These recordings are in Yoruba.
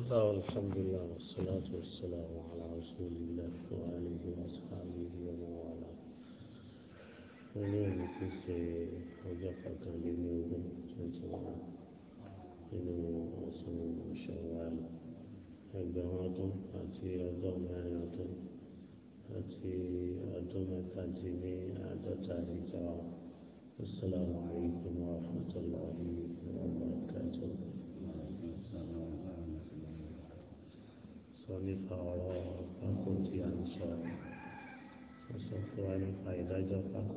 بسم الله والحمد لله والصلاة والسلام على رسول الله وآله وأصحابه ومن والاه اليوم في وجهة كان يوم إنه أصل شوال ẹgbẹ̀rún àti ọgọ́rùn-ún mẹ́rin ọdún àti ọdún mẹ́tàdínláàádọ́ta ìjọ ọ̀sọ́lá nípa ọ̀rọ̀ pákó tí a ń sọ. Ó sọ fún wa nípa ìdájọ́ pákó.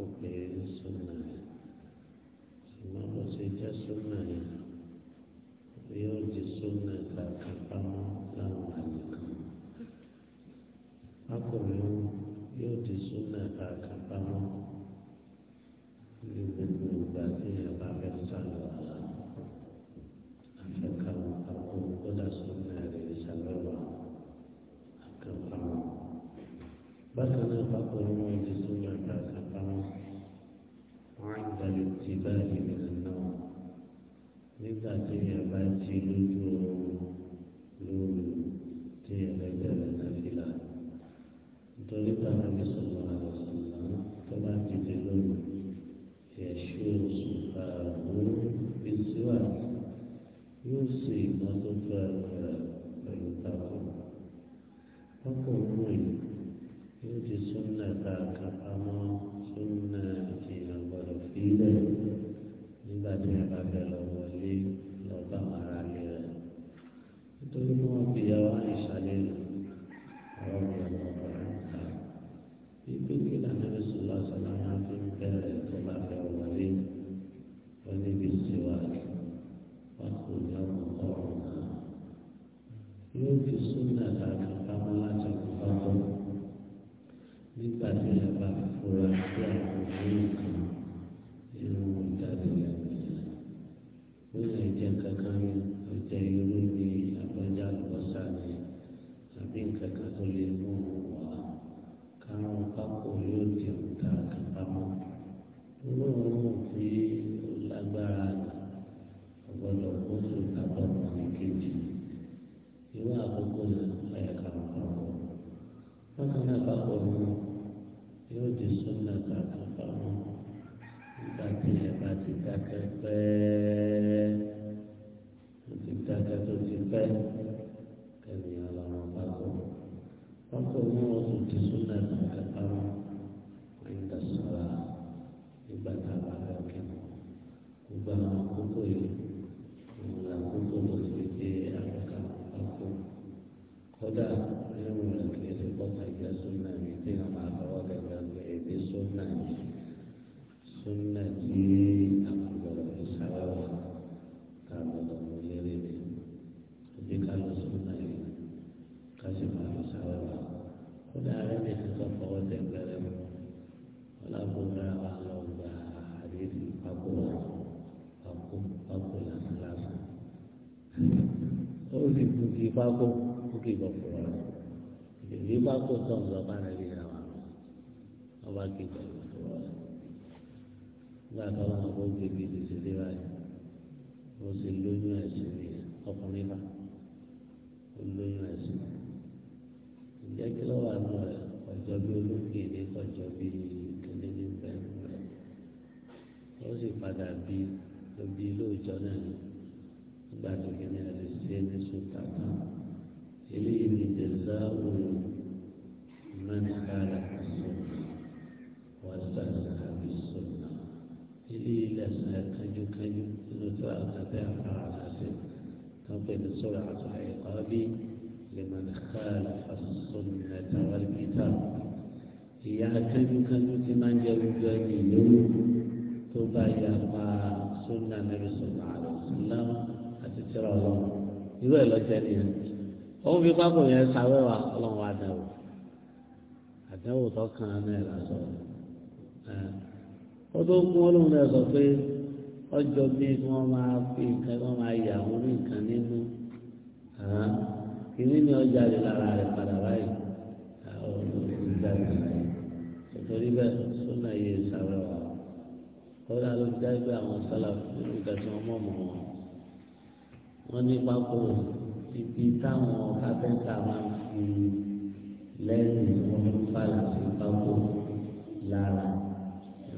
بكر فقر ويجسون الفاسقون وعند الاتباع من النوم nígbà tí èèyàn bá ti lójú oorun lóru tí èèyàn lè bẹ̀rẹ̀ nàfìlà nítorí bàbá mi sọ̀rọ̀ àlọ́ sọ̀rọ̀ tó bá ti di lóru ẹ̀ṣọ́ òṣùpá òun bíṣíwà yóò ṣe ìmọ́tótó ẹ̀rọ rẹ̀ pẹ̀lú tako. wọ́n kò mú ìlú níbi súnà tá a kà pamọ́ súnà tí a gbọ́dọ̀ fi lẹ̀ nígbà tí a bá fẹ́ lọ́wọ́ inú òun ti lágbára ọgbọ́dọ̀ kó sì kápọ̀ ọmọdé kejì irú àkókò náà ẹ̀ka ọ̀pọ̀ bákan náà bákan náà yóò di sọ́nà kàkà fáwọn nígbà tí ẹ̀ bá ti tó ti pẹ́ kẹ́mi ọlọ́. ìdí pákó ó kì í bọ̀ fún wọn ìdí pákó tó ń lọ bá rẹ̀ rí ra wa ọba kì í bọ̀ fún wọn. nígbà tó wọn kó gbèbí ti ṣe dé báyìí ó sì lóyún ẹ̀sìn mi ọkùnrin náà ó lóyún ẹ̀sìn mi ìjẹ́ kí ló wà nù rẹ̀ ọjọ́ bí olókè ní ọjọ́ bí kéde ní bẹ́ẹ̀ ó sì padà bí lóbi náà ni. بعد كده السادس والتعبان إليه جزاء من خالف السنة واستهزأ بالسنة إليه لسنا كجو كجو نتأتى فرعسة تنقل سرعة عقاب لمن خالف السنة والكتاب ìyá akẹ́dùkẹ́dù ti máa ń jẹ ojú ẹni ìlú tó bá yà máa sọ́nà nàbẹ́sọ̀tà àti tìrọ ọlọ́run irú ẹ̀ lọ́jọ́ ni ẹ̀ òun fi pákó yẹn sáwẹ́wà ọlọ́run wa dáwò àdáwò tó kàn án náà lásọ ó tó kún ọlọ́run náà sọ pé ọjọ́ bí wọ́n máa fi nǹkan wọ́n máa yà wọ́n ní nǹkan nínú kìíní ni ọjà rẹ̀ lára rẹ̀ padà báyìí àwọn olùdíje jáde báyìí nítorí bẹ́ẹ̀ sọ́nà yìí sáwẹ́wà kọ́dà ló fi dájú àwọn sálà nínú ìgbà tí wọ́n mọ̀ mọ́ wọn wọ́n ní pákó ibi táwọn kápẹ́ńtà máa ń fi lẹ́yìn wọn fàlà sí pákó lára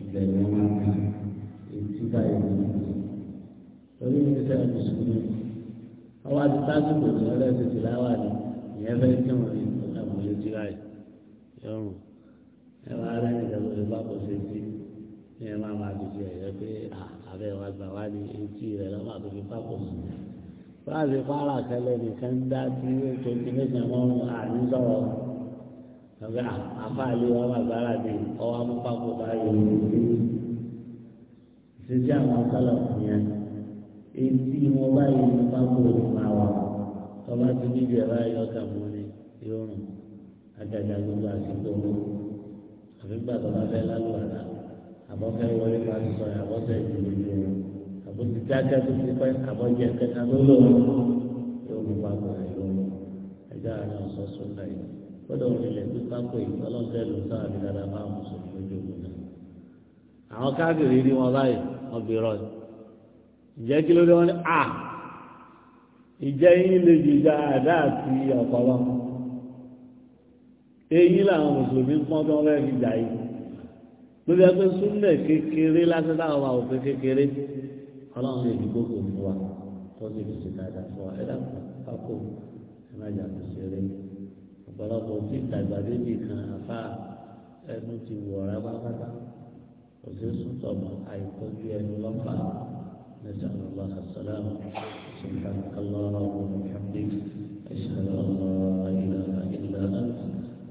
ìbẹ̀rẹ̀ wọn kan etí báyìí nìyí. torí ní sẹ́yìn mùsùlùmí ọwọ́ àti tásìkò ní ọlẹ́sìn ti láwà ní ìyẹn fẹ́ kí wọ́n ní ọ̀gá létí báyìí yọrùn ẹ wá rẹ́ nìkan lórí pákó sí etí ní ẹ máa máa dìde ẹ̀yẹ pé àbẹ̀ gbà wá ní etí rẹ̀ lọ́wọ́ àti fi pákó sí i láti fara kẹlẹ̀ nìkan ń dá sí ètò ìdílé àwọn àní sọ̀rọ̀ ọ̀gá àfáàlì wa wà gbára di ọwọ́ amúpapọ̀ báyìí ìṣesí àwọn sọ̀rọ̀ yẹn etí wọn báyìí ní pápó ìmọ̀ àwọn ọba ti níbi ẹ̀rọ ayọ́kà mọ́ ni yórùn àjàjà gbogbo àsìkò mọ́ àfi gbàgbọ́ bá fẹ́ lálùwàlà àbọ̀fẹ́ wọlé pàṣẹ sọ̀rọ̀ àbọ̀fẹ́ ìdílé yẹn àbò ti dáadáa tó ti pẹ́ àbọ̀jẹ̀ kẹta ló lò ó yóò mú bá gbọ́ rẹ̀ lọ́wọ́ ẹ̀dá àná ọ̀sán sọ́nà yìí gbọ́dọ̀ wọlé lẹ̀ tó pápọ̀ yìí ọlọ́fẹ́ ló sáà ní dáadáa máa mú sọ fún ojú òun náà. àwọn káàkiri ní wọn báyìí wọn fi rọ ìjẹ́ kí ló dé wọn ní à ìjẹ́ yín lè jù dáadáa àti ọ̀pọ̀lọ́ eyín làwọn mùsùlùmí pọ́n tó wọ́n fẹ́ fi yìí lórí ẹgbẹ́ súnlẹ̀ kékeré lásán táwọn máa wò pé kékeré ọlọ́run lè ní gbogbo mi wá tó lè fi ṣèkàdà fún wa ẹ̀dá pákó ẹ̀ má jà kó ṣeré ọ̀pọ̀lọpọ̀ tí ìdàgbà débi kan àfa ẹnu ti wọ̀ ọ̀rá pátápátá kò sí sùtọ̀ mọ́ àìtọ́jú ẹnu lọ́fà نسأل الله السلامة سبحانك اللهم وبحمدك أشهد أن لا إله إلا أنت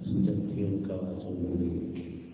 أستغفرك وأتوب إليك